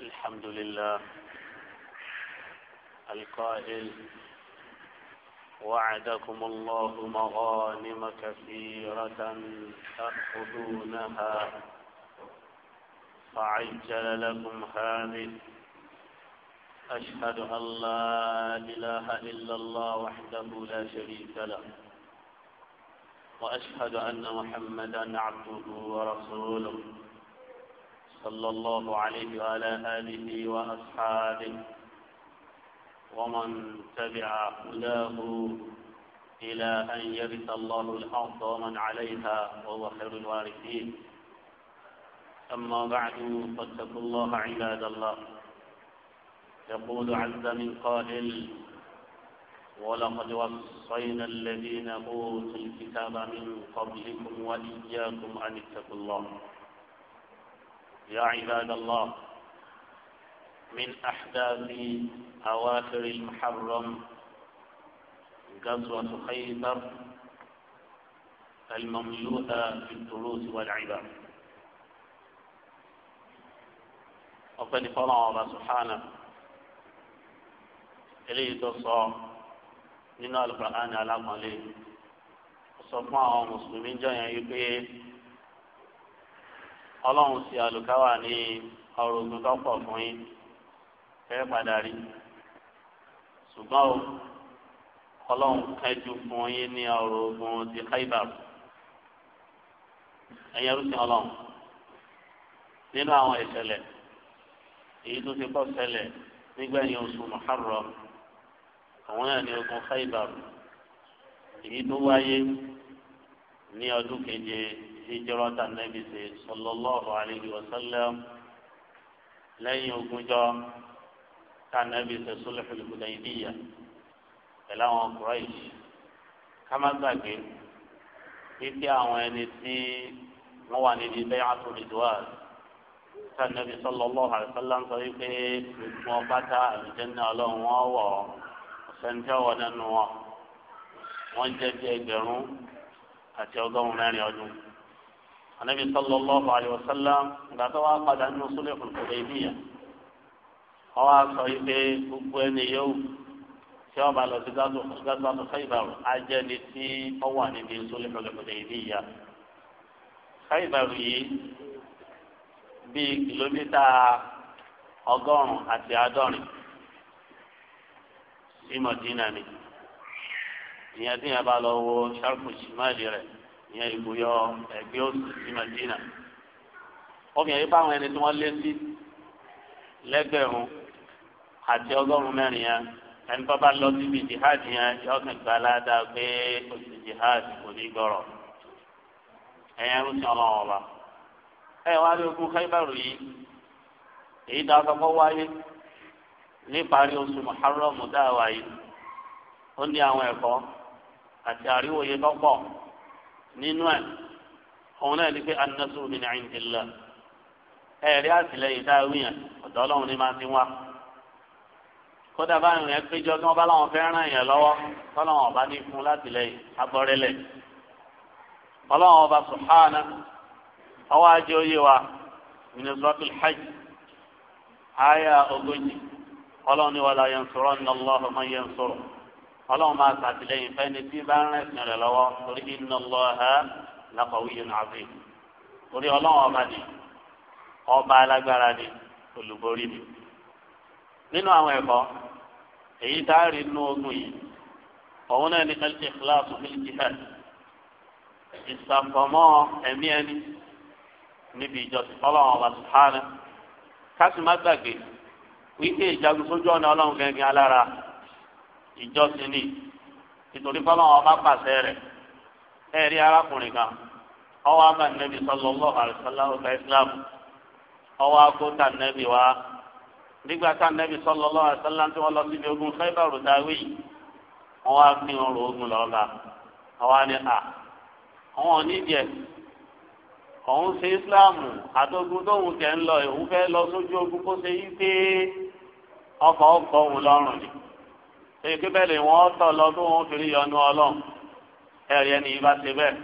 الحمد لله القائل وعدكم الله مغانم كثيرة تأخذونها فعجل لكم هذه أشهد أن لا إله إلا الله وحده لا شريك له وأشهد أن محمدا عبده ورسوله صلى الله عليه وعلى آله وأصحابه ومن تبع هداه إلى أن يرث الله الأرض ومن عليها وهو خير الوارثين أما بعد فاتقوا الله عباد الله يقول عز من قائل ولقد وصينا الذين أوتوا الكتاب من قبلكم وإياكم أن اتقوا الله يا عباد الله من أحداث أواخر المحرم غزوة خيبر المملوءة بالدروس والعبر وقد فرع الله سبحانه إليه تصى من القرآن على مليه وصفى مسلمين جاء يبيه ọlọ́run sì àlùkáwà ní ọrọ̀ ogun tó pọ̀ fún yín fẹ́ padà rí ṣùgbọ́n o ọlọ́run kẹjú fún yín ní ọrọ̀ ogun ti Khaibar ẹ̀yẹ rúṣin ọlọ́run nínú àwọn ìṣẹ̀lẹ̀ èyí tó ti kọ́ ṣẹlẹ̀ nígbẹ̀yìn oṣù Muharram àwọn náà ní ogun Khaibar èyí tó wáyé ní ọdún keje hijrata nabi ṣe sallallahu alayhi wa sallam lẹ́yìn ogúnjọ́ ká nabi ṣe sulhul hudaybiyya pẹ̀lú àwọn Quraysh ká má gbàgbé títí àwọn ẹni tí wọ́n wà níbi bay'atu ridwan ká nabi sallallahu alayhi wa sallam sọ wípé gbogbo pátá àlùjànnà ọlọ́run wọn wọ̀ ọ̀sẹ̀ntẹ́ wọn nínú wọn wọ́n jẹ́ bí ẹgbẹ̀rún àti ọgọ́rùn-ún mẹ́rin ọdún anabi sallallahu alayhi wa sallam gbàtọ́ wa padà nínú sulhul Hudaybiyah ọwọ́ sọ pé gbogbo ẹni yóò tí ọba lọ sí gàdú gàdú Khaybar ajẹ́ni tí ọ wà níbi sulhul Hudaybiyah Khaybar yìí bíi kìlómítà ọgọ́rùn-ún àti àádọ́rin sí Mọ̀dínà ni ìyẹn tí yẹn bá lọ wo sharfu shimali rẹ̀ ìyẹn ìbòyọ ẹgbẹ́ òsì sí Madina obìnrin yìí báwọn ẹni tí wọ́n lé sí lẹ́gbẹ̀rún àti ọgọ́rùn-ún yẹn ẹni tó bá lọ síbi jihad yẹn yóò kàn gba aládàá pé òsì jihad kò ní gbọ́rọ̀ ẹ̀yẹn rúṣin ọlọ́run ọba ẹ̀yẹ wá rí ogun Khaybar yìí èyí tó afọ́fọ́ wáyé níparí oṣù Muharram dáhà wáyé ó ní àwọn ẹ̀kọ́ àti àríwòye tó pọ̀ nínú ẹ̀ òun náà ní pé anásù mi ní àyìndínlá ẹ̀rí àtìlẹyìn tá a wí yẹn ọ̀dọ́ ọlọ́run ní máa ti wá kódà báyìí rẹ̀ péjọ kí wọ́n bá láwọn fẹ́ ràn yẹn lọ́wọ́ tọ́lọ́wọ́n ọba ní fún látìlẹyìn abọ́rẹ́lẹ̀ ọlọ́run ọba sùhánà ọwọ́ ajé oyé wa minizọ́tì hajj àyà ogójì ọlọ́run ni wàlá yẹn sọ̀rọ̀ ní ọlọ́run máa yẹn sọ̀rọ̀ ọlọ́run máa ṣàtìlẹ́yìn fẹ́ni tí bá ń rẹ̀sìn rẹ̀ lọ́wọ́ torí inna Allaha laqawiyyun azim torí ọlọ́run ọba ni ọba alágbára ni olùborí ni. nínú àwọn ẹ̀kọ́ èyí tá a rí inú ogun yìí òun náà ní al-ikhlasu fil jihad ìsàpọ̀mọ́ ẹ̀mí ẹni níbi ìjọsìn ọlọ́run ọba subhanahu kásìmá gbàgbé wípé ìjagun sójú ọ̀nà ọlọ́run gẹ́gẹ́ alára ìjọsìn ni ìtòrí fọlọ́wọ́n ọba pàṣẹ rẹ̀ ẹ rí arákùnrin kan ọwọ́ abá nẹ́bí sallallahu alaihi wasallam ọba islam ọwọ́ akóta nẹ́bí wa nígbà tá nẹ́bí sallallahu alaihi wasallam tí wọ́n lọ síbi ogun fẹ́bàrù dáwì wọ́n wá pín ọrọ̀ ogun lọ́la àwa ni à àwọn onídìẹ òun ṣe islam àtọ́gun tóun tẹ̀ ń lọ ìhùfẹ́ lọ sójú ogun kó ṣe yí pé ọkọ̀ ọkọ̀ òun lọ́rùn ni ṣe pé bẹ́ẹ̀ lè wọ́n tọ̀ lọ tó wọ́n fi rí yọnu ọlọ́run ẹ̀rí ẹni yìí bá ṣe bẹ́ẹ̀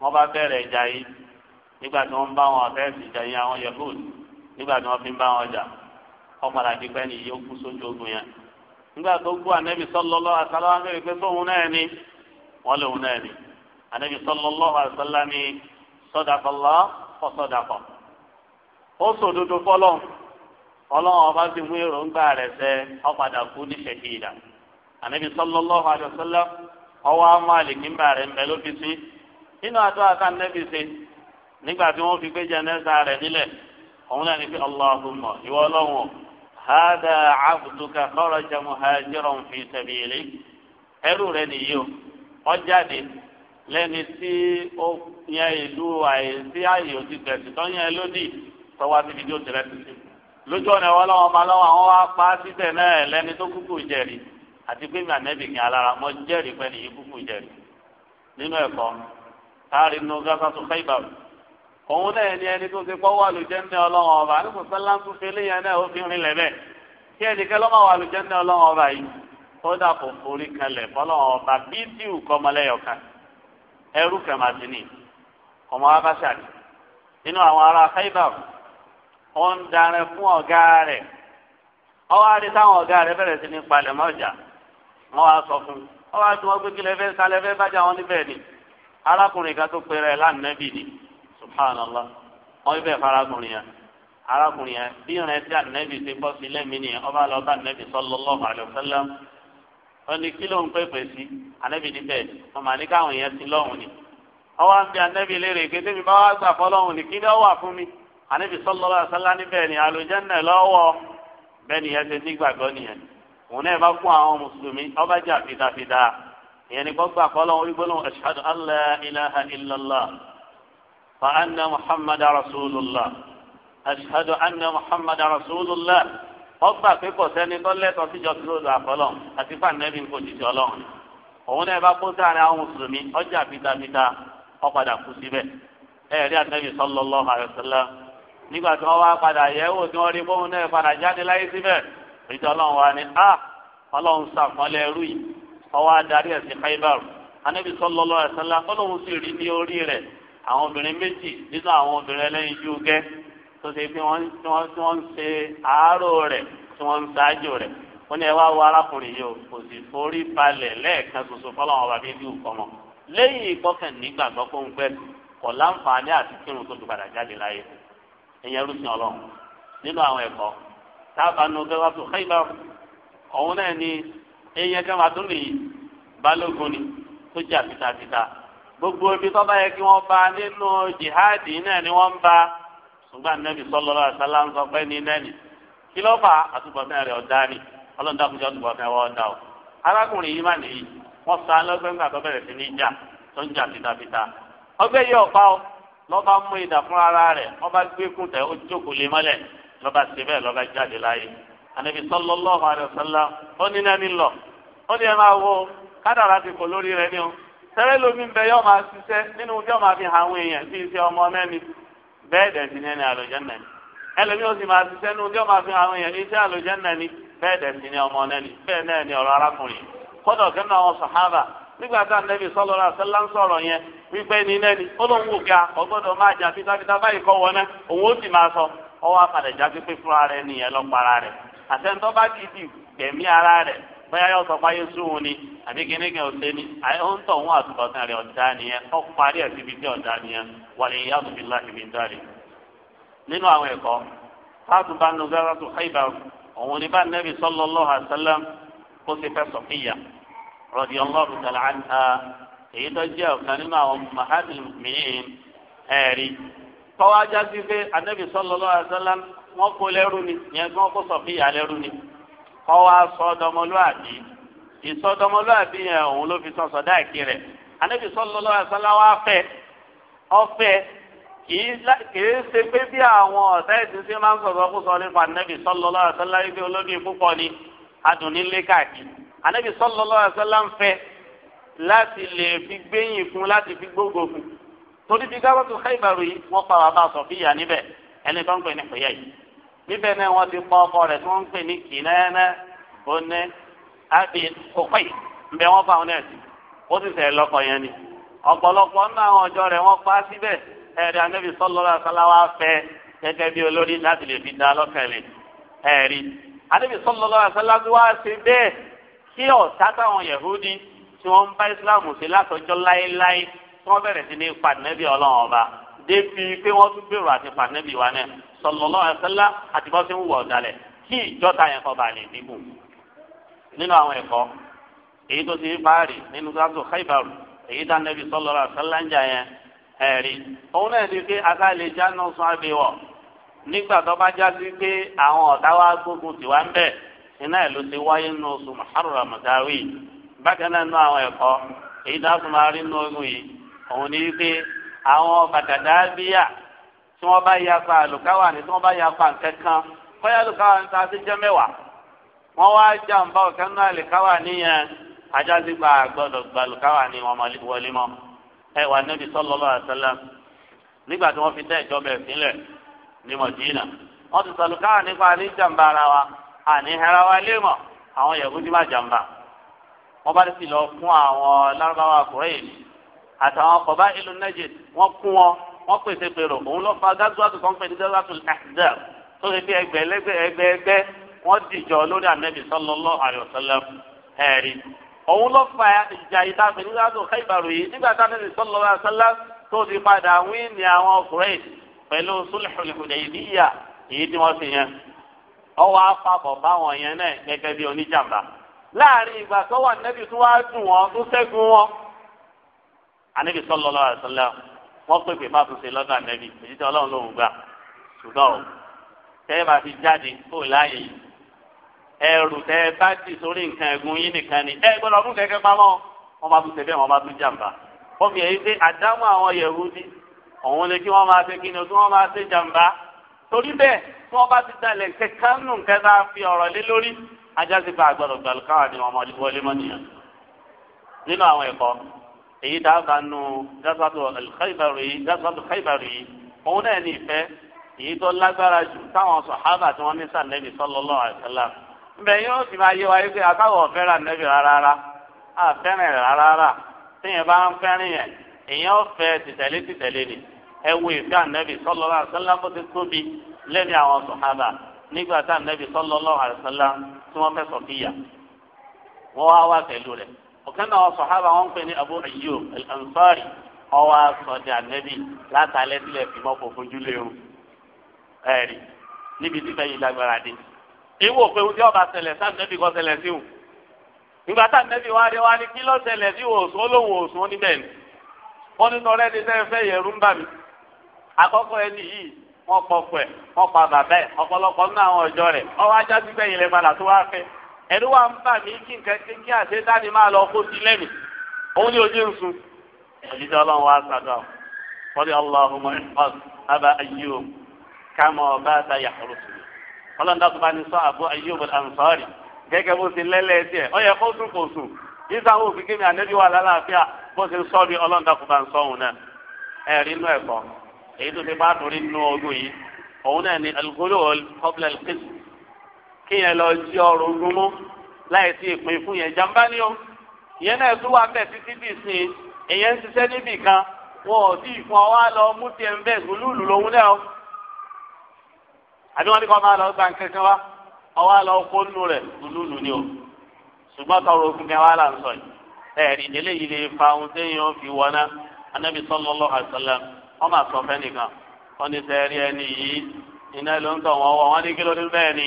wọ́n bá bẹ̀rẹ̀ ìjà yìí nígbà tí wọ́n bá wọn ọ̀tẹ́ẹ̀sì ìjà yìí àwọn yahood nígbà tí wọ́n fi ń bá wọn jà wọ́n padà di pẹ́ nìyí ó kú sójú ogun yẹn nígbà tó kú ànẹ́bí sọ́lọ́lọ́ àtàlọ́wọ́n pé sóhun náà ni ọlọ́run ọba ti mú èròǹgbà rẹ̀ fẹ́ ọ̀padà kú ní ṣèkìyà ànábi alaihi ọwọ́ amú àlìkínbà rẹ̀ mbẹ́ ló fi sí nínú àdúrà ká ṣe nígbà tí wọ́n fi gbé rẹ̀ nílẹ̀ òun náà ní fi ìwọ ọlọ́run fi o jáde lẹ́ni tí ó yẹ ìlú àìsí àyè tọ́wọ́ lójú ọ̀nà ìwọ lọ́wọ́ ọba lọ́wọ́ àwọn wá pa á síbẹ̀ náà lẹ́ni tó kúkú jẹ̀rì àti pé mi ànẹ́bì kí alára mọ́ jẹ́rì pé nìyí kúkú jẹ̀rì nínú ẹ̀kọ́ káàrin nínú gáfàtú Khaybar òun náà ni ẹni tó ti pọ́ wà lùjẹ́ńdẹ́ ọlọ́wọ́ ọba àdúgbò sẹ́lá ń tún fi eléyàn náà ó fi rinlẹ̀ bẹ́ẹ̀ kí ẹnìkan lọ́mọ wà lùjẹ́ńdẹ́ ọlọ́wọ́ ọba yìí kódà kò ọ ń fún ọ̀gá rẹ̀ ọwọ́ adé táwọn ọ̀gá rẹ̀ bẹ̀rẹ̀ sí ní palẹ̀ wọ́n wá sọ fún un wá tún wọ́n gbé kílẹ̀ fẹ́ wọn níbẹ̀ ni arákùnrin kan tó pèrè lánàbì ni subhanallah wọ́n bí yẹn arákùnrin yẹn bí tí ti bọ́ sí lẹ́mìí ni ọba lọ bá kí ló ń pèpè sí níbẹ̀ mà ní káwọn yẹn ti ni ọwọ́ mi anabi sọlọlá sọlá níbẹ̀ ni alùjẹ́nà lọ́wọ́ bẹ́ẹ̀ ni ẹsẹ̀ nígbàgbọ́ nìyẹn òun náà bá fún àwọn mùsùlùmí ọba jà fìdáfìdá ìyẹn ni gbọ́gbà kọ́lọ́ orí gbólóhùn ashhadu an la ilaha illallah fa anna muhammad rasulullah ashhadu anna muhammad rasulullah ọgbà pé kò sẹ́ni tó lẹ́tọ̀ọ́ síjọ tó lòdù àkọlọ́ àti fànẹ́bí kò jìjì ọlọ́run òun náà bá kó sáàrin àwọn mùsùlùmí ọjà fìdáfìdá ó padà kú síbẹ̀ ẹ̀ẹ́dí àtẹ́bí sọlọ́lọ́ àyọ̀sọ́lá nígbà tí wọ́n wá padà yẹ̀wò tí wọ́n rí bóun náà padà jáde láyé síbẹ̀ ìjọ ọlọ́run wa ni a ah, ọlọ́run sàpọ́nlẹ̀ ẹrú yìí ọwọ́ adarí ẹ̀ sí Khaybar anábì sallallahu alaihi wasallam ọlọ́run sì rí ní orí rẹ̀ àwọn obìnrin méjì nínú àwọn obìnrin ẹlẹ́yin jú gẹ́ tó ṣe pé wọ́n tí wọ́n ń ṣe àárò rẹ̀ tí wọ́n ń ṣáájú rẹ̀ wọ́n ní ẹ wá wo arákùnrin yìí o kò sì forí balẹ̀ lẹ́ẹ̀kan ṣoṣo fọlọ́run ọba bíbí ọmọ lẹ́yìn ìkọkàn nígbàgbọ́ kó ń gbẹ kọ̀ láǹfààní àti kírun tó ti padà jáde láyé ẹ̀yẹ rúfin ọlọ́ nínú àwọn ẹ̀kọ́ tábànú gẹ́gẹ́ tó xẹ́yìnbá ọ̀hún náà ni ẹ̀yẹ gẹ́gẹ́ tó lè balógun ni tó jà fitafita gbogbo ibi tó bá yẹ kí wọ́n bá nínú jihadi náà ni wọ́n bá ṣùgbọ́n nẹ́bi sọ́lọ́ àṣálá ń sọ pé ní nẹ́ni kí ló fà àtúbọ̀tán rẹ̀ ọ̀dá ni ọlọ́dà kùn jẹ́ àtúbọ̀tán wọ́n dà o arákùnrin yìí má nìyí wọ́n sá lọ́gbẹ́ngbà tó bẹ̀rẹ̀ sí ní jà tó ń jà fitafita ọgbẹ́ yìí ọ̀pá o lọ́ba mú ìdà fún ara rẹ̀ ọba gbé kùtẹ̀ ó jókòó lé mọ́lẹ̀ lọ́ba ṣe bẹ́ẹ̀ lọ́ba jáde láyé ànàbì sallallahu alaihi wasallam ó ní nání lọ ó ní ẹ máa wo kádàrá ti kò lórí rẹ ní o tẹ́lẹ̀ lómi ń bẹ yọ máa ṣiṣẹ́ nínú bí ọ máa fi hàn àwọn èèyàn bí iṣẹ́ ọmọ mẹ́ni bẹ́ẹ̀ dẹ̀ sí ní àlùjánnà ni ẹlòmí ó sì máa ṣiṣẹ́ nínú bí ọ máa fi hàn àwọn èèyàn ní iṣẹ́ àlùjánnà ni bẹ́ẹ̀ dẹ̀ ní ọmọ náà ni náà ni ọ̀rọ̀ arákùnrin kọ́dọ̀ kẹ́nu nígbà tá nẹ́bí sọ́lọ́ ra sẹ́lá sọ̀rọ̀ yẹn wípé ní nẹ́ni ó lóun wò ga ọgbọ́dọ̀ máa jà fitafita báyìí kọ́ wọná òun ó sì máa sọ ọwọ́ apàdé já pípé fúnra nìyẹn bá gbẹ̀mí ara rẹ̀ bóyá yóò sọ pé ayé ni àbí kìnnìkan ò sẹ́ni ó òun àtúbọ̀tán rẹ̀ nìyẹn tí nìyẹn wà láti fi nínú àwọn rọ̀dì ọlọ́run tàlà àǹtà èyí tó jẹ́ ọ̀kan nínú àwọn mahadum mìíràn ẹ̀rí. tọ́wọ́ ajá sí pé anabi sallallahu alaihi wasallam wọ́n kó lẹ́rú ni yẹn kí wọ́n kó sọ̀fíyà lẹ́rú ni kọ́wọ́ sọ́dọ̀mọlúàbí ìsọdọmọlúàbí yẹn òun ló fi sọ sọdá ìkí rẹ̀ anabi sallallahu alaihi wasallam wá fẹ́ ọfẹ́ kìí ṣe pé bí àwọn ọ̀tá ẹ̀sìn sí máa ń sọ̀rọ̀ kó sọ nípa anabi sallallahu alaihi wasallam wípé olóbì púpọ̀ ni adùn nílé káàkiri anabi sallallahu alaihi wasallam fẹ́ láti lè fi gbẹ̀yìn fún láti fi gbógo fún torí bí gábàtú Khaybar yìí wọ́n pa bàbá Sọfíyà níbẹ̀ ẹni tó ń pè ní pèyà yìí níbẹ̀ náà wọ́n ti pa ọkọ rẹ̀ tó ń pè ní Kinana bóní àbí kókó yìí nbẹ wọ́n fa àwọn náà sí ó sì sẹ lọkọ yẹn ni ọ̀pọ̀lọpọ̀ nínú àwọn ọjọ́ rẹ̀ wọ́n pa síbẹ̀ ẹẹdẹ anabi sallallahu alaihi wasallam wá fẹ́ gẹ́gẹ́ bí olórí láti lè fi dá tí ọ̀tá táwọn yẹ̀húdí tí wọ́n ń bá ìsìláàmù ṣe látọjọ́ láéláé tí wọ́n bẹ̀rẹ̀ sí ní pàdánẹ́bì ọlọ́run ọba débi pé wọ́n tún gbèrò àti pàdánẹ́bì wa náà sallallahu alaihi wasallam àti bọ́ sí ń wọ̀ ọ̀dàlẹ̀ kí ìjọta yẹn kọ́ bá lè dínkù nínú àwọn ẹ̀kọ́ èyí tó ti báàrí nínú sáàtò Khaybar èyí tá nẹ́bí sallallahu alaihi wasallam yẹn ẹ̀rí òun náà ti pé akáàlè jáná sún àbẹ̀wọ̀ nígbà tó bá já sí pé àwọn ọ̀tá wa gbógun tì ń bẹ̀ iná ìlú ti wáyé nínú oṣù muharram mọ̀dáwì bákan náà nínú àwọn ẹ̀kọ́ èyí tó a tún máa rí nínú ogun yìí òun ni wípé àwọn bàtàdá bíyà tí wọ́n bá yapa àlùkáwà ni tí wọ́n bá yapa nkankan kọ́yà àlùkáwà ní sáà ti jẹ́ mẹ́wàá wọ́n wá jàǹbá ọ̀kan náà àlùkáwà níyẹn ajá sí gba àgbọ̀dọ̀ gba àlùkáwà ní wọn wọlé mọ́ ẹ wà níbi sallallahu alaihi wasallam nígbà tí wọ́n fi tẹ́ ìjọba ẹ̀ sílẹ̀ ní Mọ̀dínà wọ́n ti sàlùkáwà nípa ní jàǹbá ara wa àní hẹra wa lé mọ̀ àwọn yahudi má jàmbá wọ́n bá sì lọ fún àwọn lárúbáwá kùrẹ́yìn àtàwọn kọ̀bá ìlú Najd wọ́n kún wọn wọ́n pèsè pèrò òun ló fa gazuwatu kan pè ní gazuwatu Ahzab tó ṣe bí ẹgbẹ́ ẹlẹ́gbẹ́ ẹgbẹ́ ẹgbẹ́ wọ́n dìjọ lórí ànábì sallallahu alaihi wasallam ẹ̀rí òun ló fa ìjà ìdáfẹ́ ní gazuwatu Khaybaru yìí nígbà tá ànábì sallallahu tó ti padà wí ní àwọn kùrẹ́yìn pẹ̀lú sulhul Hudaybiyah èyí tí wọ́n ti yẹn ọwọ́ afábọ̀ báwọn yẹn náà gẹ́gẹ́ bí oníjàmbá láàrin ìgbà tó wà nẹ́bí tó wá dùn wọn tó ṣẹ́gun wọn. ànẹ́bí sallallahu alaihi wasallam wọ́n pè má tún ṣe lọ́dọ̀ ànẹ́bí èyí tí ọlọ́run lòún gbà ṣùgbọ́n tẹ́ ẹ bá fi jáde kó láàyè ẹrù tẹ́ ẹ bá dì sórí nǹkan ẹ̀gún yín nìkan ni ẹ gbọ́dọ̀ ọdún kẹ́kẹ́ pamọ́ wọn bá tún ṣe bẹ́ẹ̀ wọn bá tún jàǹbá wọ́n fi èyí pé àdámọ́ àwọn Yẹhudi òun lè kí wọ́n máa ṣe kí ni o tí wọ́n máa ṣe jàǹbá torí bẹ́ẹ̀ tí wọ́n bá ti dalẹ̀ kẹ̀kẹ́ nù kẹta fi ọ̀rọ̀ lé lórí ajá ti bá àgbọ̀dọ̀ gbàlù káwọn ni ọmọ wọlé mọ́ nìyẹn. nínú àwọn ẹ̀kọ́ èyí tá a bá nu gásàtò alkhaibari yìí gásàtò khaibari yìí òun náà ní ìfẹ́ èyí tó lágbára jù táwọn sọ̀hábà tí wọ́n ní sànẹ́bì sallallahu alaihi wasallam mbẹ yóò sì máa yé wa yí pé àtàwọn fẹ́ràn nẹ́bì rárá àfẹ́ràn rárá tíyẹn bá ń fẹ́ràn yẹn èèyàn fẹ́ tìtẹ̀lé tìtẹ̀lé ni ẹ ìfẹ́ ànẹ́bì sallallahu alaihi wasallam bó ti tóbi lẹ́ni àwọn sọ̀hábà nígbà tá ànábì sallallahu alaihi wasallam tí wọ́n fẹ́ sọ kíyà wọ́n wá wá pẹ̀lú rẹ̀ ọ̀kan náà sọ̀hábà wọn pè ní Abu Ayyub al-Ansari ọwọ́ sọ̀dẹ̀ ànábì látàlẹ́ sílẹ̀ fìmọ́ kò fojú léwu ẹ̀rí níbi tí bẹ́yìn lágbára dé ewu òpè wọ́n tí ọba ṣẹlẹ̀ sáànẹ́bì kọ́ ṣẹlẹ̀ sí wù ìgbà sáànẹ́bì wá dé wá ní kí ló sí wọ́n pọ̀ pẹ̀ wọ́n pa bàbá ẹ̀ ọ̀pọ̀lọpọ̀ nínú àwọn ọjọ́ rẹ̀ ọwọ́ ajá sí gbẹ̀yìn lè padà tó wá fẹ́ ẹ̀rú wa ń bà mí kí nǹkan kí kí àṣẹ dání máa lọ kó sí lẹ́nu òun ni ojú ń sun ẹ̀jíjọ́ ọlọ́run wa sàdọ̀ fọ́dí ọlọ́run ọba ayélujára kámọ́ ọba àtàyà ọ̀rọ̀sùn ọlọ́run dàtú bá ní sọ àbú ayélujára ansọ́rì gẹ́gẹ́ bó ti lẹ́lẹ́ ẹ̀sẹ̀ ọ yẹ kó sùn kò sùn yíṣà wò fi kí ni èyí tó ti bá torí nínú ọdún yìí òun náà ni alugolowol kọbílẹ̀ lẹ́kẹ́sì kí yẹn lọ jí ọrùn gúnmú láì sí ìpín fún yẹn jàmbá ni ó ìyẹn náà tún wà ń bẹ̀ títí dì sí i ìyẹn ń ṣiṣẹ́ níbì kan wọn ò tí ì fún ọ wá lọ mú tiẹ̀ ń bẹ̀ gúlúùlù lòun náà àbí wọn ní kọ́ máa lọ gba nkankan wá ọwọ́ àlọ́ kó nù rẹ̀ gúlúùlù ni ó ṣùgbọ́n tọrọ ogun kan wá là yìí ẹ̀rí eléyìí lè fa ohun téèyàn fi wọná anábì sallallahu alaihi wọ́n máa sọ fẹ́nìkan wọ́n ní sẹ́ẹ̀rí ẹni yìí iná ló ń tọ̀ wọ́n wọ́ wọ́n ní kí ló dé bẹ́ẹ̀ ni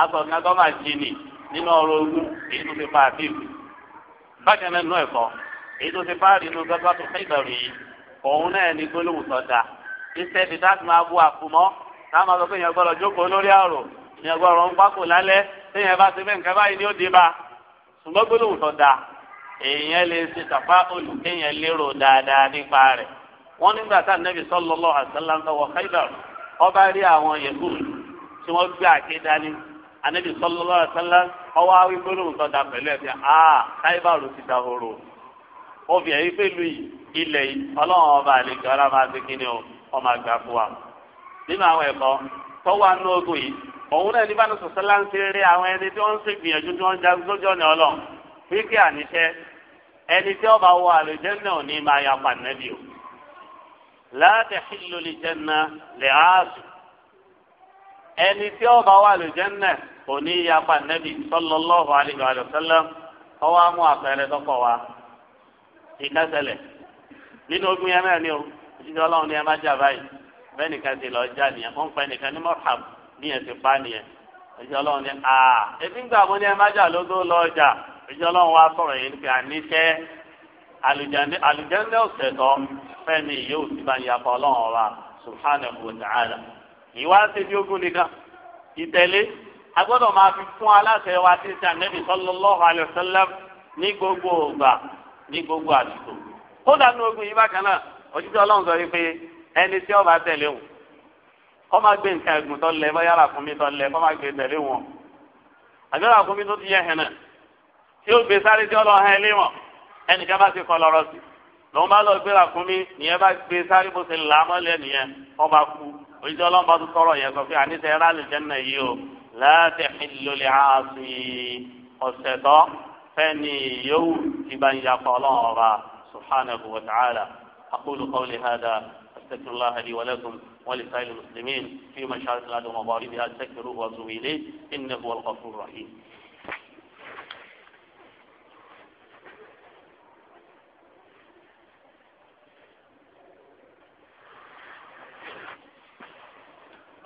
aṣọ kan tó máa jí ni nínú ọ̀rọ̀ ogun èyí tó ti fa àbíbù bákan náà nínú ẹ̀kọ́ èyí tó ti fa àrínú gbọ́dọ̀ tó fẹ́ ìbẹ̀rù yìí òun náà ní gbólóhùn tó da iṣẹ́ ti dá máa bu àfùmọ́ táwọn máa sọ pé èèyàn gbọ́dọ̀ jókòó lórí àrò èèyàn gbọ́dọ̀ ń pákó lálẹ́ téèyàn bá ti fẹ́ nǹkan báyìí ni ó dé bá ṣùgbọ́n gbólóhùn tó èèyàn lè ṣe tàpá olùkéèyàn lérò dáadáa nípa rẹ̀ wọn nígbà tá nẹbi sallallahu alaihi wasallam wọ Khaybar ọba rí àwọn yẹkùn tí wọn gbé àké dání anabi sallallahu alaihi wasallam ọwọ awi gbólóhùn tó da pẹ̀lú ẹbí a Khaybar ti da horo obì ẹyí pẹ̀lú ilẹ̀ yìí Ọlọ́run ọba àlejò ọlá máa fi kíni o ọmọ àgbà fún wa nínú àwọn ẹ̀kọ́ tọwọ anú ogun yìí òun náà nígbà tó sọsọlá ń ṣe eré àwọn ẹni tí wọn ń ṣègbìyànjú tí wọn ń jagun ọ̀nà Ọlọ́run wíkì àníṣe ẹni tí ọba wọ àlùjẹ́ náà ní máa yapa nẹ́bí لا تحل لجنة jẹnà lè aásù ẹni tí ó bá wà lè jẹnà kò ní yapa nẹbi sọlọlọhu alayhi wa sallam ọwọ amú àpẹẹrẹ dọkọ wa ìkásẹlẹ nínú ogun yẹn náà ni o ìdíje Ọlọ́run ni ẹ má jà báyìí bẹ́ẹ̀ nìkan ti lọ já nìyẹn wọn fẹ nìkan ní mọhab níyẹn ti pa nìyẹn ìdíje Ọlọ́run ni aa ebi ń gbà lọ jà ìdíje Ọlọ́run wa sọ̀rọ̀ yìí nípa àníṣẹ àlùjáde ọ̀sẹ̀ tó fẹ́ni yóò ti bá ya pa ọlọ́run ọba subhanahu wa ta'ala ìwà ṣe ní ogún nìkan ìtẹ̀lé agbọ́dọ̀ máa fi fún aláṣẹ wa ti ṣe ànẹ́bí sallallahu alaihi wasallam ní gbogbo ògbà ní gbogbo àdúgbò ó dànù ogun yìí bákan náà òjijì ọlọ́run sọ wípé ẹni tí ó bá tẹ̀lé òun kọ́ máa gbé nǹkan ẹ̀gùn tó lẹ̀ bọ́ yàrá fún mi tó lẹ̀ kọ́ máa gbé tẹ̀lé wọn àgbẹ̀rẹ̀ fún tó ti yẹ hẹ̀nà tí ó gbé sáré tí ọlọ́run hẹ̀ lé wọn ẹnìkan bá ti kọ lọ́rọ̀ sí lòun bá lọ gbé ràkúnmí nìyẹn bá gbé sáré bó ṣe làámọ́lẹ̀ nìyẹn ọba kú òjijì ọlọ́mọba tó tọrọ yẹn sọ pé àníṣe ẹ̀rá lè jẹ́ náà yìí o láti ìlòlẹ̀ àásì ọ̀sẹ̀ tọ́ fẹ́ni yòówù tí bá ń yapa ọlọ́run ọba subhanahu wa ta'ala aqulu qawli hada astaghfirullah li wa lakum wa li sa'il muslimin fi mashariq al-ard wa magharibiha astaghfiruhu wa atubu innahu huwal ghafurur rahim.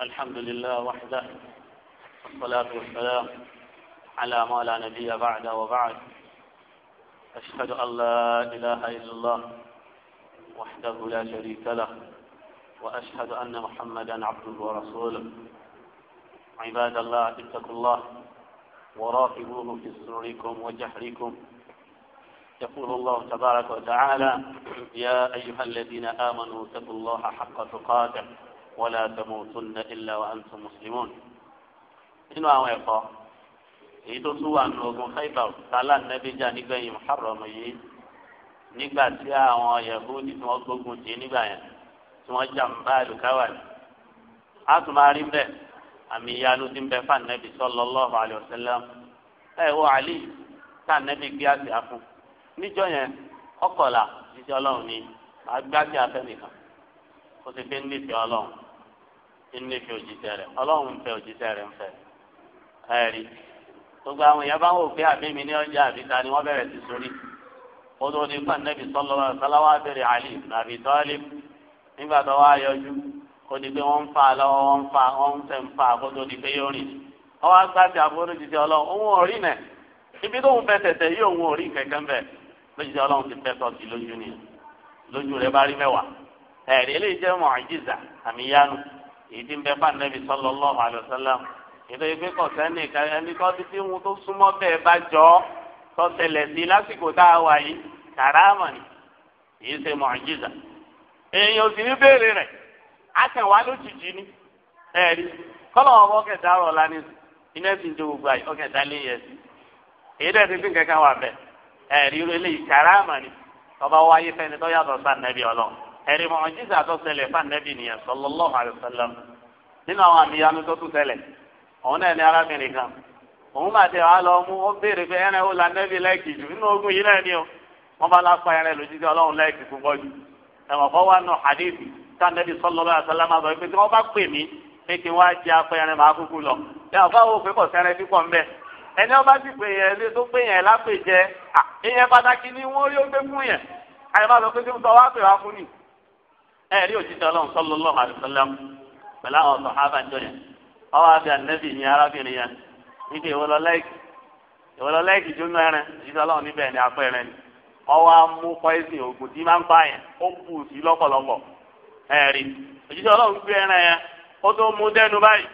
الحمد لله وحده والصلاة والسلام على ما لا نبي بعد وبعد أشهد أن لا إله إلا الله وحده لا شريك له وأشهد أن محمدا عبده ورسوله عباد الله اتقوا الله وراقبوه في سركم وجهركم يقول الله تبارك وتعالى يا أيها الذين آمنوا اتقوا الله حق تقاته wala tamutunna illa wa antum muslimun nínú àwọn ẹ̀kọ́ èyí tó tún wà nínú ogun Khaybar tálà nẹ́bí jà nígbẹ̀yìn Muharram yìí nígbà tí àwọn Yahudi tí wọ́n gbógun tì nígbà yẹn tí wọ́n jà ń bá àlùkáwà ní. a tún máa rí bẹ́ẹ̀ àmì ìyanu ti ń bẹ fún ànẹ́bí sallallahu alaihi wasallam ẹ wọ àlì tá ànẹ́bí gbé àti àfún níjọ yẹn ọkọ̀là jíjẹ́ ọlọ́run ni màá gbé àti àfẹ́ kó ti fi ń nífẹ̀ẹ́ ọlọ́run nífẹ̀ẹ́ òjíṣẹ́ rẹ̀ ọlọ́run fẹ́ òjíṣẹ́ rẹ̀ ń fẹ́ ẹ̀rí gbogbo àwọn èèyàn bá ń wò pé àbí mi ní ọjà àbí ta ni wọ́n bẹ̀rẹ̀ sí sórí ó tó ní pàǹdé bí sọlọ́wọ́ sọláwọ́ abẹ́rẹ́ àlè àbí tọ́lé nígbà tó wá yọjú ó ní pé wọ́n ń fa lọ́wọ́ wọ́n ń fa wọ́n ń tẹ̀ ń fa kó tó di pé yóò rìn ọwọ́ agbáṣe àbúrò jíjẹ ọlọ́run òun ò rí nẹ̀ ibi tó ń fẹ́ tẹ̀tẹ̀ yìí òun ò rí kẹ̀kẹ́ ń lójijì ọlọ́run ti fẹ́ tọ́sí lójú ni lójú rẹ̀ bá rí mẹ́wàá ẹ̀rí ìdí ń bẹ fún anabi sallallahu alaihi wasallam ìdí ìgbé kọsẹni ẹni kọ títí ń tó súnmọ́ bẹ́ẹ̀ bá jọ tọ́tẹ̀lẹ̀ sí lásìkò tá a wà yìí kàràmà ni kìí ṣe mọ̀ọ́jíza èèyàn sì ní béèrè rẹ̀ akẹwà lójijì ni ẹ̀rí kọ́lọ̀ ọ̀bọ kẹta rọ̀ lánìí iná sì ń jó gbogbo àyè ọkẹta lé yẹ sí èyí dẹ̀ ti fi kankan wà bẹ́ẹ̀ ẹ̀rí eléyìí kàràmà ni tọ́ba wáyé fẹ́ni tó yàtọ̀ sí anabi ẹ̀rí mọ̀ jíjà tó ṣẹlẹ̀ fún anabi nìyẹn sallallahu alaihi wasallam nínú àwọn àmìyanu tó tún ṣẹlẹ̀ òun náà ní arábìnrin kan òun máa tẹ wàá lọ mú ó béèrè pé ẹrẹ ó la nẹ́bí lẹ́ẹ̀kì jù nínú ogun yìí náà ni o wọ́n bá lápá ẹrẹ lójijì ọlọ́run lẹ́ẹ̀kì púpọ̀ jù ẹ̀wọ̀n kọ́ wà nù hadithi tá nẹ́bí sallallahu alaihi wasallam sọ pé tí wọ́n bá pè mí pé kí wọ́n á jẹ apẹ ẹrẹ màá kúkú lọ ẹ̀wọ̀n bá wò ẹni ọba ti pè yẹn lé tó pè yẹn lápè jẹ ìyẹn pàtàkì ni wọ́n yóò gbé fún yẹn àyè ẹ rí òjijì ọlọ́run sallallahu alaihi pẹ̀lú àwọn sàhábà ń jọyàn ọwọ́ àti ànẹ́bì ní arábìnrin yẹn níbi ìwọlọ lẹ́ẹ̀kì ìwọlọ lẹ́ẹ̀kì jóná ẹran òjijì ọlọ́run níbẹ̀ ní apẹ̀rẹ̀ ni ọwọ́ amú ògùn tí máa ń yẹn ó sí lọ́pọ̀lọpọ̀ gbé ẹran yẹn ó tó mú dẹ́nu báyìí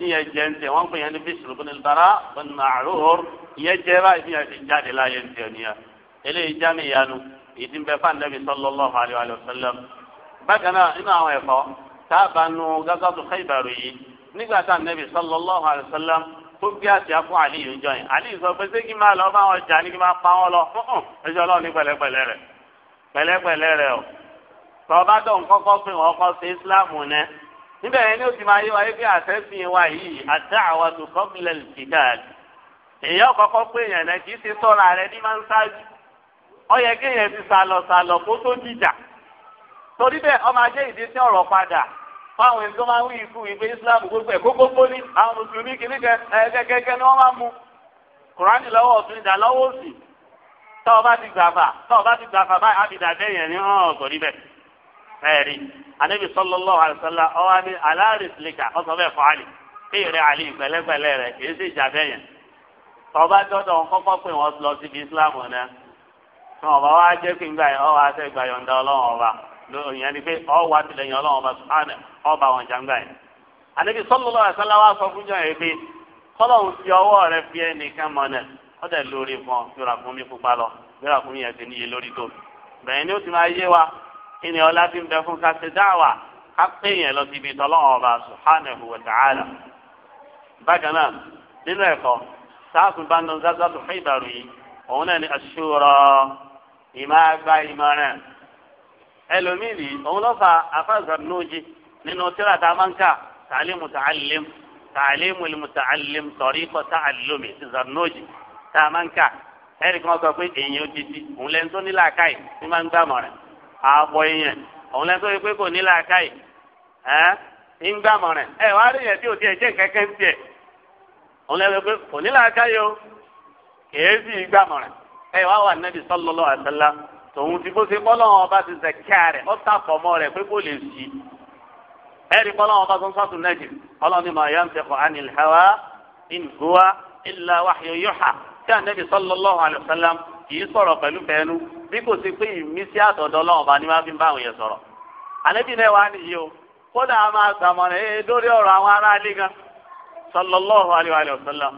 ìyẹn jẹ ń tẹ wọn pè yẹn ní bísírù bínú ìbára bínú àrùhùr ìyẹn jẹ báyìí bí yẹn ti jáde láyé ń tẹ nìyẹn eléyìí já mi ìyanu ìdí ń bẹ fún anabi sallallahu alayhi wa sallam bákan náà inú àwọn ẹ̀kọ́ táàbà nu gágàtú Khaybaru yìí nígbà tá anabi sallallahu alayhi wa sallam tó gbé àti àpò àlìyé ń jọyìn àlìyé sọ pé ṣé kí máa lọ bá wọn jà ní kí máa pa wọn lọ ẹjọ́ ọlọ́run ní pẹ̀lẹ́pẹ̀lẹ́ rẹ̀ pẹ̀lẹ́pẹ̀lẹ́ rẹ̀ níbẹ̀ yẹn ni ó máa yé wa yé pé àtẹ́sìn wa yìí àti àwọn àtòkọ́ mílẹ̀ ìdíjáde èyí ọkọ̀ọ̀kọ́ pé èèyàn náà kì í ṣe tọ́ra rẹ ní máa ń ṣáájú ó yẹ kí èèyàn ti sàlọ̀ sàlọ̀ kó tó torí bẹ́ẹ̀ ọmọ ajé ìdí sí ọ̀rọ̀ padà fáwọn èèyàn tó máa ń wí ikú Islam gbogbo ẹ̀ kókó àwọn mùsùlùmí kìíní ni wọ́n máa mú lọ́wọ́ ọ̀tún lọ́wọ́ òsì bá ti gbàfà bá ti gbàfà báyìí ẹ̀rí anabi sallallahu alaihi wasallam ọwọ́ ni aláàrẹ̀sìlẹ̀kà ọ̀sán bẹ́ẹ̀ fọ́ àlè kéèrè àlè ìpẹ́lẹ́pẹ́lẹ́ rẹ̀ kìí ṣe ìjà bẹ́ẹ̀ yẹn tọ́ba dọ́dọ̀ wọn kọ́kọ́ pé wọ́n lọ síbi islam náà wọn ọba wa jẹ́ pé ńgbà yẹn ọwọ́ àṣẹ ìgbà yọ̀ǹda ọlọ́run ọba ìyẹn ni pé ọwọ́ àtìlẹyìn ọlọ́run ọba sùpánẹ̀ ọba wọn jàǹgbà yẹn àlebi sallallahu alaihi wasallam sọ fún jọ yẹn pé kọ́lọ́hún fi ọwọ́ rẹ fi ẹnìkan mọ̀nà ọ̀dẹ̀ lórí fún ọ fíra fún mi pupa lọ fíra kí ni ọlá ti ń bẹ fún ká ṣe dáwà ká pé yẹn lọ síbi tọ́lọ́wọ́n ọba subhanahu wa ta'ala. bákan náà nínú ẹ̀kọ́ sáàtún bá ń lọ zazatu fíìbàrù yìí òun náà ni aṣọ́rọ̀ ìmọ̀ àgbà ìmọ̀ràn ẹlòmíì nìyí òun lọ́fà afáàzàn lójì nínú tíra tá a máa ń kà tàlímù tàlímù tàlímù ìmùtàlímù tọ̀ríkọ̀ tàlímù ìzànlójì tá a máa ń kà ẹnì kan sọ pé èèyàn ti di òun lẹ́nu tó nílà káyì ní máa ń gbàmọ̀ràn àbọ̀ èèyàn òun lẹ́tọ́ yìí pé kò ní làákàyè ẹ́ ń gbàmọ̀ràn ẹ̀ wá rí yẹn tí ò tiẹ̀ jẹ́ kẹ́kẹ́ ń tiẹ̀ òun lẹ́tọ́ pé kò ní làákàyè o kèé sì gbàmọ̀ràn ẹ̀ wá wà nẹ́bí sallallahu alaihi wasallam tòun ti bó ṣe bọ́lọ́wọ́n ọba ti zẹ̀kíà rẹ̀ ó tàfọ̀mọ́ rẹ̀ pé kó lè sí ẹ̀rí bọ́lọ́wọ́n ọba tó sọ́tún náà jù kì í sọ̀rọ̀ pẹ̀lú fẹ́nu bí kò sí pé ìmísí àtọ̀dọ̀ ọlọ́run ọba ni wọ́n fi ń bá àwọn èèyàn sọ̀rọ̀ ànábì náà wà nìyí o kódà a máa sàmọ̀ràn ẹ lórí ọ̀rọ̀ àwọn ará ilé gan sallallahu alaihi wa sallam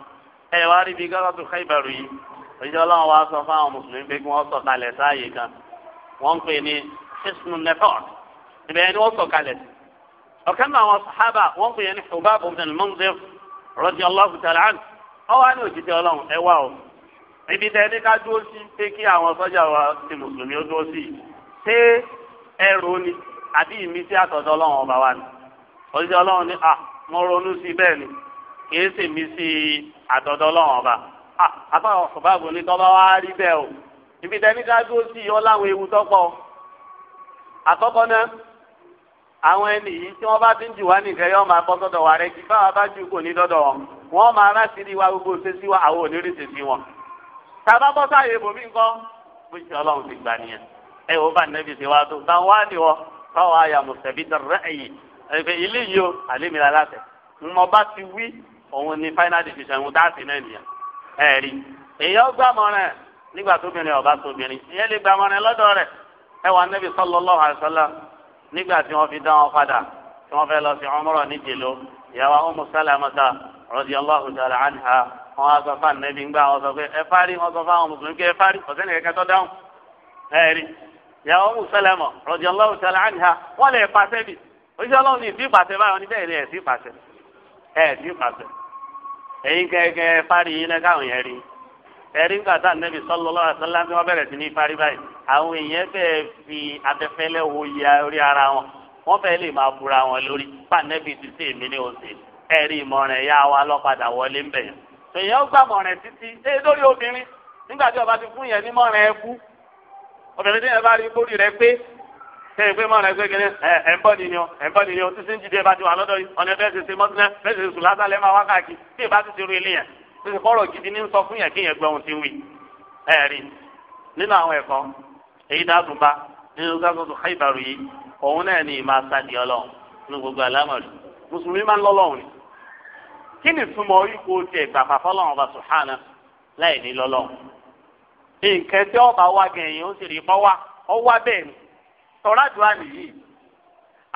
ẹ wá rí bí gàgàtù Khaybar yìí òjijì ọlọ́run wa sọ fún àwọn mùsùlùmí pé kí wọ́n sọ kalẹ̀ sáàyè kan wọ́n pè ní hisnu nefort ibẹ̀ ni wọ́n sọ kalẹ̀ ọ̀kan náà àwọn sàhábà wọ́n pè ní Hubab ibn al-Munzir radiyallahu ta'ala anhu ọwọ́ ní òjijì ibi tẹ ní ká dúró sí pé kí àwọn sọ́jà wa ti mùsùlùmí ó dúró sí ṣé ẹrù ni àbí ìmísí àtọ̀dọ̀ ọlọ́run ọba wa ni òṣìṣẹ́ ọlọ́run ní à mo ronú sí bẹ́ẹ̀ ni kìí sì mí sí àtọ̀dọ̀ ọlọ́run ọba à apá ọ̀bàbò ni tọ́ba wa rí bẹ́ẹ̀ o ibi tẹ ní ká dúró sí yọ láwọn ewu tọ́pọ̀ àkọ́kọ́ náà àwọn ẹni yìí tí wọ́n bá ti ń jù wá nìkẹ́ yọ máa bọ́ sọ́dọ̀ wa rẹ kí báwa bá jù kò ní dọ́dọ̀ wọn wọ́n máa rásìrí wa gbogbo ṣe sí wa àwọn òní rí ṣe sí wọn tàbá bọ́ sáyé bòmí nǹkan bó ṣe ọlọ́run ti gbà nìyẹn ẹ wò bá nẹ́bí ṣe wá tó bá wá ní wọ káwọn àyà mùsẹ̀bí dọ̀rẹ́ ẹ̀yìn ẹ̀fẹ̀ ilé yìí o àlémi la láṣẹ mo bá ti wí òun ni final decision òun dáàsì náà nìyẹn ẹ rí èèyàn gbàmọ̀ràn nígbà tóbìnrin ọba tóbìnrin ìyẹn lè gbàmọ̀ràn lọ́dọ̀ rẹ̀ ẹ wà nẹ́bí sallallahu alaihi wasallam nígbà tí wọ́n fi dá wọn padà tí wọ́n fẹ́ lọ sí ọmọ radiyallahu ta'ala anha wọn á sọ fáwọn nẹ́bí ńgbà wọn sọ pé ẹ fárí wọn sọ fáwọn mùsùlùmí pé ẹ fárí ọ̀sẹ̀ nìkan kẹtọ́ dáhùn ẹ rí ìyàwó mùsùlùmọ̀ radiyallahu ta'ala anha wọn lè pàṣẹ bì oṣù ọlọ́run ní ìsí pàṣẹ báyọ̀ ní bẹ́ẹ̀ ni ẹ̀ sí pàṣẹ ẹ̀ sí pàṣẹ ẹ̀yin kẹ̀kẹ́ fárí yín lẹ́kàwọn yẹn rí ẹ̀rí ń gbàtà nẹ́bí sallallahu alaihi ẹ̀rí ìmọ̀ràn ẹ̀yà wa lọ́padà wọlé ń bẹ̀ yẹn. èèyàn gbà mọ̀ràn títí ṣé lórí obìnrin nígbà tí ọba ti fún yẹn ní mọ̀ràn ẹkú obìnrin tí yẹn bá rí bórí rẹ pé ṣe ìpè mọ̀ràn ẹgbẹ́ kìíní ẹ̀ ẹ̀ ń bọ̀ nìyẹn o ẹ̀ ń bọ̀ nìyẹn o títí ń jìde bá ti wà lọ́dọ̀ yìí ọ̀nà bẹ́ẹ̀ ṣe ṣe mọ́tínẹ́ bẹ́ẹ̀ ṣe sùn lásàlẹ̀ máa wá káàkiri tí ìbá ti ti ru ilé yẹn tó ti kọ́rọ̀ gidi ní sọ fún yẹn kí yẹn gbọ́ ohun ti wí ẹ̀ rí nínú àwọn ẹ̀kọ́ èyí dáàbò bá nínú gásọ́tò Khaybar yìí òun náà ni ìmọ̀ asadi ọlọ́run ní gbogbo àlámọ̀rí mùsùlùmí máa ń lọ́lọ́run ni kí ni túmọ̀ ipò tiẹ̀ gbàgbà fọlọ́run ọba sùhánà láì ní lọ́lọ́ nǹkan tí ọba wa gẹ̀yìn ó sì rí bọ́ wa ọ bẹ́ẹ̀ ni tọ́ládùá nìyí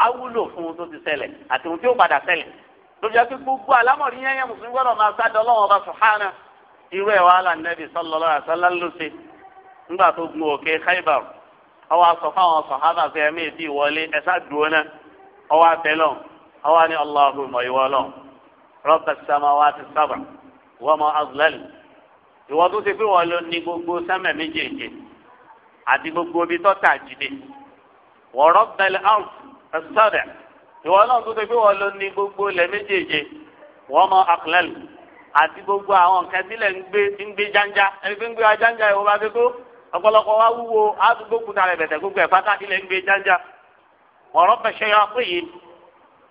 awúlò fún tó ti àti ohun tí ó padà lójú gbogbo yẹn yẹn mùsùlùmí gbọ́dọ̀ máa sádọ́ ọba sùhánà irú ẹ̀ wàhálà nẹ́bí ló ṣe رب السماوات ti وما wọ́n mọ azulẹ́lì ìwọ tó ṣe pé wọ́n lọ ní gbogbo sẹ́mẹ̀ méjèèjì àti gbogbo ibi tó tà jìde wọ́n rọ́bẹ̀lì áwùt ẹ̀sọ́dẹ̀ ìwọ náà tó ṣe pé wọ́n lọ ní gbogbo ilẹ̀ méjèèjì wọ́n àti gbogbo àwọn nǹkan sílẹ̀ ń gbé ń gbé jáńjá ẹni pé ń gbé wa jáńjá ìwọ bá fi kó ọ̀pọ̀lọpọ̀ wa wúwo àdúgbò kúta rẹ̀ bẹ̀tẹ̀ gbogbo ẹ̀ fátá ń gbé jáńjá wọ́n rọ́bẹ̀ ṣẹ́yà péye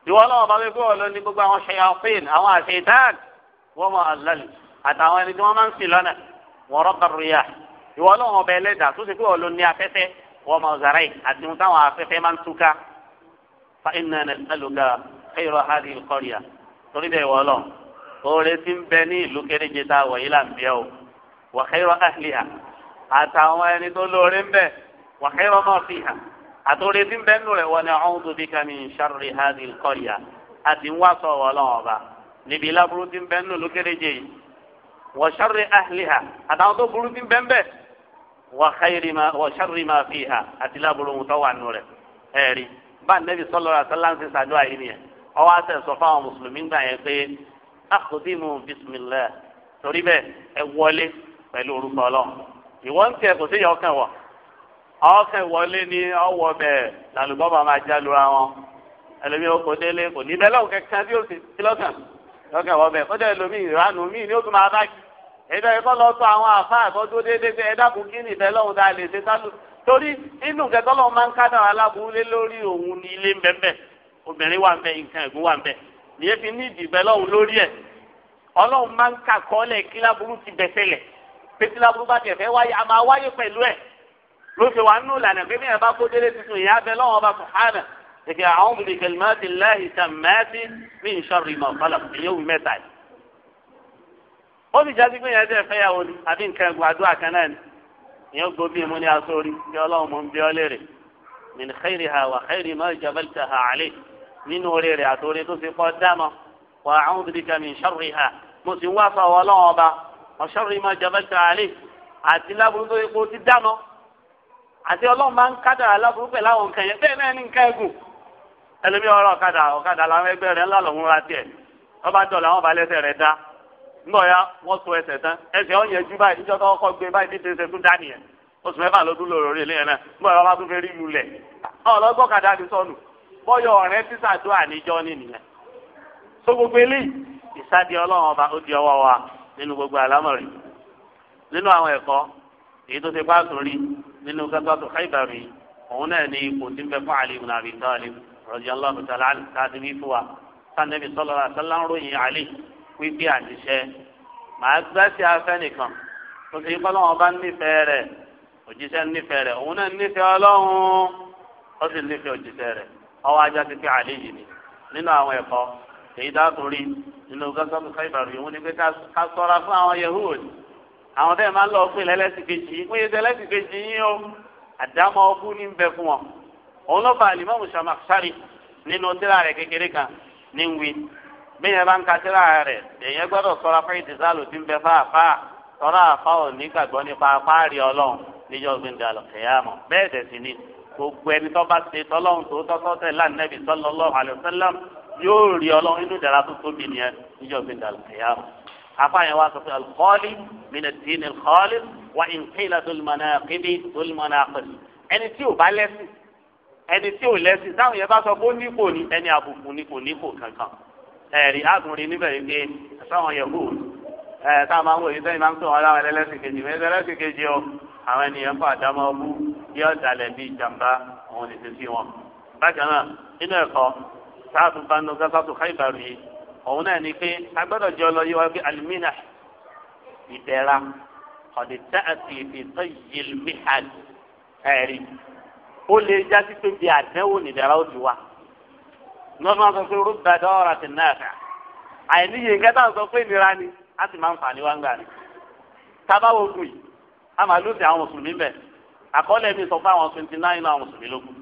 ìwọ ọlọ́wọ́ bá wípé ọ̀lọ́ ní gbogbo àwọn ṣayàfín àwọn àṣetán wọ́n mọ àlọ́lì àtàwọn ẹni tí wọ́n máa ń sìn lọ́nà wọ́n rọ́kàrú yá ìwọ ọlọ́wọ́ bá ẹlẹ́dàá tó ṣe pé ọ̀lọ́ ní afẹ́fẹ́ wọ́n mọ zarai àti ohun táwọn afẹ́fẹ́ máa ń túká fa iná ẹlòmíà ẹ̀rọ hadi kọ́ríà torí bẹ́ẹ̀ ìwọ ọlọ́ oore ti ń bẹ ní ìlú àtòrè tí ń bẹ nù rẹ wọn ni àwọn tó bí kàmi sàrè hàdì kọrìà àti ń wá sọ Ọlọ́run ọba níbi láburú tí ń bẹ nù lókèrèjè yìí wọ sàrè àhìlìhà àtàwọn tó burú tí ń bẹ ń bẹ wọ xayiri ma wọ sàrè ma fi hà àti láburú ń tọ́ wà nù rẹ ẹ̀rí bá nẹ́bí sọlọ́ra sọláńsì sàdúrà yìí nìyẹn ọwọ́ àti ẹ̀sọ́ fáwọn mùsùlùmí gbà yẹn pé àkùdìmù bisimilá torí bẹ́ẹ̀ ẹ wọlé pẹ̀lú orúkọ Ọlọ́run ìwọ́n ń tẹ kò sí yọ ọkàn wọ̀ ọkẹ wọlé ni ọwọ bẹẹ làlùbọ bá máa já lura wọn ẹlòmíì ọkọ délé kò ní bẹẹ lọkọ kẹkẹ tí ó sì ti lọkàn lọkẹ wọ bẹẹ kọjá ẹlòmíì ìranù míì ni ó tún máa bá kí ẹjọ ẹkọ lọ sọ àwọn àfa àkọjú déédéé pé ẹ kí ni ìfẹ́ lọhùn tá a lè ṣe sálù torí inú kẹtọ lọ máa ń kádà alábùúlé lórí òun ní ilé ń bẹnbẹ obìnrin wà ń bẹ nǹkan ẹ̀gún wà ń bẹ nìyẹn fi ní ìdìbẹ lọhùn lórí ẹ Ọlọ́run máa ń kà kọ́lẹ̀ kíláburú ti bẹ̀sẹ̀lẹ̀ pé kíláburú bá tiẹ̀ fẹ́ wáyé a máa wáyé pẹ̀lú ẹ̀ ló ṣe wà nínú ìlànà pé bí yẹn bá kó délé tuntun ìyá abẹ lọ́wọ́ bá sùhánà èké àwọn òbí kẹlẹ́mọ́ ti láàyè tà mẹ́tì bí ìṣọ̀rọ̀ ìmọ̀ fọlọ̀ ìyẹ́ òun mẹ́ta yìí. ó sì jásí pé yẹn tẹ́ fẹ́yàwó ni àbí nǹkan ẹ̀gbọ́n àdúrà kan náà ni ìyẹn gbóbi ìmú ni aṣọ orí bí ọlọ́run mọ̀ ń bí ọ léèrè min xeyri ha wa ha wà àwọn òbí kan mi ṣọ̀rọ̀ ìhà mo àti ọlọ́run ń kádà aláburú pẹ̀lú àwọn nǹkan yẹn bẹ́ẹ̀ náà ní nǹkan ẹ̀gùn ẹlòmíì ọ̀rọ̀ ọ̀kadà ọ̀kadà làwọn ẹgbẹ́ rẹ̀ ńlá lòún ra tiẹ̀ wọ́n bá dọ̀là wọn balẹ̀ rẹ̀ dá ńgbọ̀ ya wọ́n so ẹsẹ̀ tán ẹsẹ̀ ọ̀ yẹn jú báyìí níjọ́ tó gbé báyìí títí ṣe tún dá nìyẹn oṣù mẹ́fà ló dún lórí ilé yẹn náà ńgbọ̀ ya wọ́n bá tún fẹ́ rí nínú gbàgbàgbà káìbàrì òun náà ní ipò tí ń bẹ fún Ali ibn Abi Talib radiyallahu ta'ala anhu káàdì ní fún wa sànẹ́bí sallallahu alaihi wasallam ròyìn Ali wípé àṣìṣe màá gbá sí afẹ́ nìkan tó ti kọ́ lọ́wọ́ bá nífẹ̀ẹ́ rẹ̀ òjíṣẹ́ nífẹ̀ẹ́ rẹ̀ òun náà nífẹ̀ẹ́ ọlọ́run ó sì nífẹ̀ẹ́ òjíṣẹ́ rẹ̀ ọwọ́ ajá ti fi Ali yìí ni nínú àwọn ẹ̀kọ́ èyí dá torí nínú gbàgbàgbà káìbàrì òun ni pé ká sọ́ra fún àwọn Yahudi àwọn tẹ́lẹ̀ máa ń lọ pín lẹ́lẹ́sìn kejì yín pín lẹ́lẹ́sìn kejì yín o àdámọ́ ọkú ní bẹ fún wọn. òun ló fa alimami samaksari nínú tíra rẹ̀ kékeré kan ní nwi bí yẹn bá ń ka tíra rẹ̀ èyàn gbọ́dọ̀ sọra fún ìdìsálò tí ń bẹ fáafáà sọra àfa ò ní gbàgbọ́ nípa apáàrí ọlọ́run níjọ́ gbẹ̀ngà lọ́kẹ́yàmọ̀ bẹ́ẹ̀ dẹ̀ sí ni gbogbo ẹni tó bá ṣe tọ́lọ́run tó tọ́tọ́ tẹ̀ lánàbì sallallahu alaihi yóò rí ọlọ́run inú ìdára tó tóbi nìyẹn níjọ́ gbẹ̀ngà lọ́kẹ́yàmọ̀ afa yẹn wá sọ pé alukọ́ọ̀lì mina dín ní kọ́ọ̀lì wà ìnkìlá dolmana kìdí dolmana kìdí ẹni tí ò bá lẹ́sìn ẹni tí ò lẹ́sìn táwọn yẹn bá sọ pé ó nípò ní ẹni àbùkù nípò nípò kankan ẹ̀rí àgùnrin níbẹ̀ yìí pé sáwọn yẹn kú ẹ̀ táwọn máa ń wò yìí sẹ́yìn máa ń pè wọ́n láwọn ẹlẹ́sìn kejì mẹ́rin ẹlẹ́sìn kejì ọ àwọn ènìyàn kọ́ àdámọ́ ọbú bí ọ̀dàlẹ̀ bíi ìjàmbá òun ní sísí wọn. bákan náà nínú ẹ̀kọ́ sáàtúbánu òun náà ni pé agbọ́dọ̀ jẹ́ ọlọ́yẹ wa pé alimina ìdẹ́ra ọ̀dẹ táàtì ìfìtọ́ yelmihad ẹ̀rí ó lè jásí pé bí àdánwò nìdẹ́ra ó ti wá lọ́sọ̀ sọ pé rúbà dọ́ọ̀rà ti náà fà àìníye nǹkan táwọn sọ pé ìnira ni a sì máa ń fà ní wá ń gbà ni tábàwò kù yìí a máa lóde àwọn mùsùlùmí bẹ̀ àkọọ́lẹ̀ mi sọ fún àwọn twenty nine àwọn mùsùlùmí lókun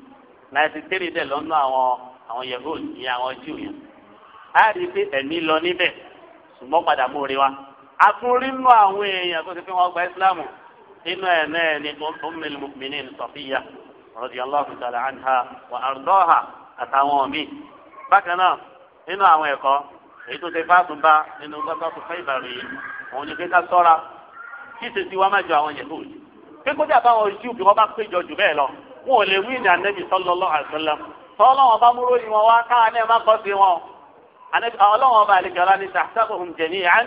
ninety three dẹ̀ lọ́nà àwọn àwọn yẹ̀gò ní àwọn jíù yẹn a rí i pé ẹ̀mí lọ níbẹ̀ ṣùgbọ́n padà mú rí wa a tún rí nínú àwọn èèyàn tó ti fi wọn gba ìsìláàmù inú ẹ̀ náà ni ummul mu'minin Safiyya radiyallahu ta'ala anha wa ardaha àtàwọn míì bákan náà nínú àwọn ẹ̀kọ́ èyí tó ṣe fáàtún bá nínú gbọ́dọ̀ tó fẹ́ ìbàrò yìí òun ni pé ká sọ́ra kí ìṣesí wa má jọ àwọn yẹ̀kú wọn ò ọlọ́wọ́n ọba àlejòra ni tahsabuhum jami'an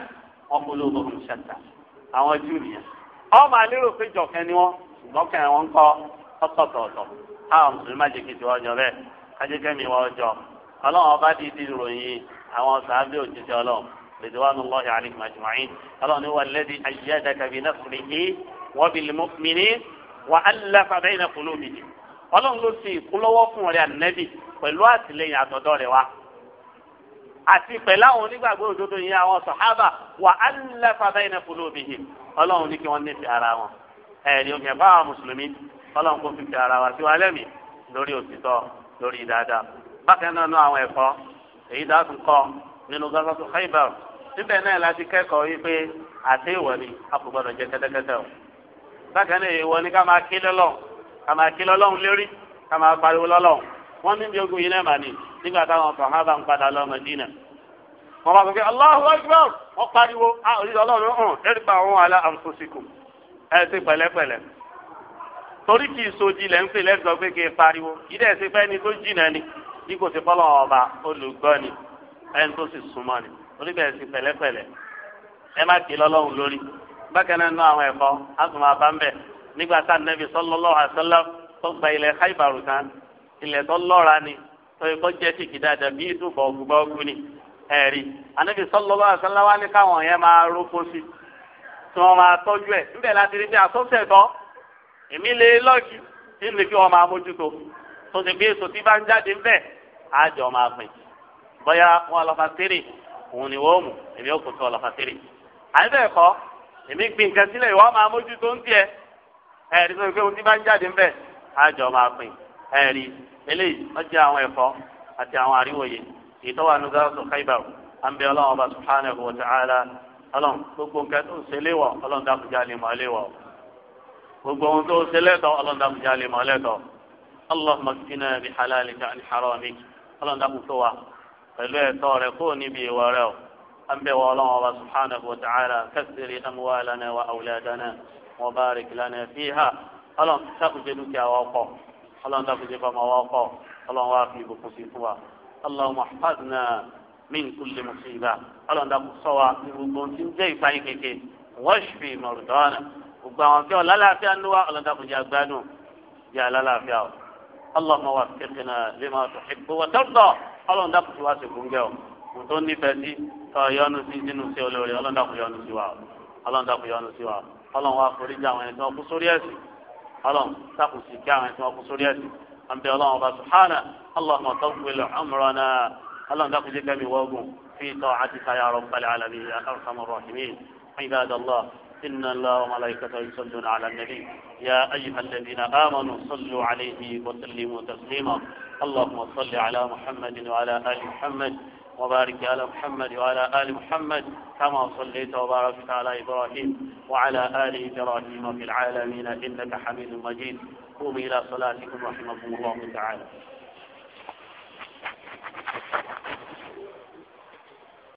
wa qulubuhum shatta àwọn jù nìyẹn. ọmọ àlérò péjọ kan ni wọn ṣùgbọ́n kan wọn ń kọ́ ọ̀tọ̀ọ̀tọ̀ káwọn mùsùlùmí má jẹ́ kí tiwọn jọ bẹ́ẹ̀ kájẹ́kẹ́ mi wọ́n jọ ọlọ́wọ́n ọba dídí ròyìn àwọn sàábẹ́ òjíṣẹ́ ọlọ́run رضوان الله عليهم أجمعين الله هو الذي أيدك بنصره وبالمؤمنين وألف بين قلوبهم ọlọ́run ló ṣe ìkúlọ́wọ́ fún ọ̀rẹ́ ànábì pẹ̀lú àtìlẹ́yìn àtọ̀dọ́ rẹ̀ àti pẹ̀lú àwọn onígbàgbọ́ òdodo yẹn àwọn sàhábà wà á lẹ́ fàbẹ́ iná fúlù òbí yìí ọlọ́run ní kí wọ́n nífẹ̀ẹ́ ara wọn ẹ̀ẹ́dì omi ẹ̀fọ́ àwọn mùsùlùmí ọlọ́run kò fífi ara wa sí wa lẹ́mí lórí òtítọ́ lórí dáadáa bákan náà nú àwọn ẹ̀kọ́ èyí dáàtún kọ́ nínú gọ́sọ́tù Khaybar síbẹ̀ náà láti kẹ́kọ̀ọ́ wípé àti ìwọ wọ́n ní bí ogun yìí náà mà ní nígbà táwọn sàhábà ń padà lọ Mẹdínà wọ́n bá sọ pé Allahu Akbar wọ́n pariwo oríṣi ọlọ́run hàn ẹ̀rí pa àwọn alá àǹfọ̀sìkò ẹ̀ ṣe pẹ̀lẹ́pẹ̀lẹ́ torí kì í sojí lẹ́ ń pè lẹ́gbẹ̀ẹ́ pé kì í pariwo ìdẹ́ ẹ̀sìn pẹ́ ni tó jìnà ni bí kò sí fọ́lọ́ ọba olùgbọ́ ni ẹni tó sì súnmọ́ ni torí bẹ́ẹ̀ sí pẹ̀lẹ́pẹ̀lẹ́ ẹ má kì í lọ́lọ́run ilẹ̀ tó lọ́ra ni tó yẹ kó jẹ́ sí kìdá dàbí ìtúbọ̀ ọ̀gbọ̀gbọ̀ ni ẹ̀rí anabi sọlọ́lá àṣàláwá ní káwọn yẹn máa rókó sí tí wọ́n máa tọ́jú ẹ̀ níbẹ̀ láti rí bí àtọ́sẹ̀ tọ́ èmi lè lọ́ọ̀kì nínú kí wọ́n máa mójútó tó ti gbé èso tí bá ń jáde ń bẹ̀ á jọ máa pìn bóyá wọn lọ́fà tírì òun ni wọ́n mú èmi ò kò tó lọ́fà tírì àyẹ̀bẹ̀ kọ́ èmi gbin nǹkan sílẹ̀ ìwọ́n máa mójútó ń tiẹ̀ ẹ̀rí tó tí bá ń jáde ń bẹ̀ á jọ máa pìn ẹ̀rí eléyìí ọjà àwọn ẹ̀fọ́ àti àwọn àríwòye ìtọ́wà nùgbàsó káìbà àǹbẹ ọlọ́run ọba subhanahu wa ta'ala ọlọ́run gbogbo nǹkan tó ń ṣe léwọ̀ ọlọ́run dákújá lè mọ̀ léwọ̀ gbogbo ohun tó ń ṣe lẹ́tọ̀ ọlọ́run dákújá lè mọ̀ lẹ́tọ̀ allahumma kfina bi halalika an haramik ọlọ́run dákújá wa pẹ̀lú ẹ̀tọ́ rẹ kó níbi ìwọ rẹ o àǹbẹ ọlọ́run ọba subhanahu wa ta'ala kẹsìrì amwalana wa awladana wa barik lana fiha ọlọ́run dákújá dúkìá wa ọlọ́run dákun jẹ́ fọmọ wa kọ́ ọlọ́run wa fi ìbùkún sí fún wa ọlọ́run àfàdùnà min kulli musiba ọlọ́run dákun sọ wa gbogbo tí ń jẹ́ ìpáyín kéke wọ́ṣfì mọ̀rùdọ́nà gbogbo àwọn tí ọ̀la láàfíà ń wá ọlọ́run dákun jẹ́ agbádùn jẹ́ alálàáfíà o ọlọ́run wa fẹ́kìnà lima tuhibbu wa tarda ọlọ́run dákun ti wá sí gbòǹgẹ́ o kò tó nífẹ̀ẹ́ sí tọ́ yọnu sí nínú sí olórí ọlọ́run dákun yọnu sí wa ọlọ́run dákun yọnu sí wa ọlọ́run wa forí jẹ́ àwọn ẹni tó kú sórí ẹ̀sìn حرام تقل سكاها كما قصوريات أن بي الله سبحانه اللهم تقبل عمرنا اللهم تقل لك من في طاعتك يا رب العالمين يا أرحم الراحمين عباد الله إن الله وملائكته يصلون على النبي يا أيها الذين آمنوا صلوا عليه وسلموا تسليما اللهم صل على محمد وعلى آل محمد وبارك على محمد وعلى آل محمد كما صليت وباركت على إبراهيم وعلى آل إبراهيم في العالمين إنك حميد مجيد قوم إلى صلاتكم رحمكم الله تعالى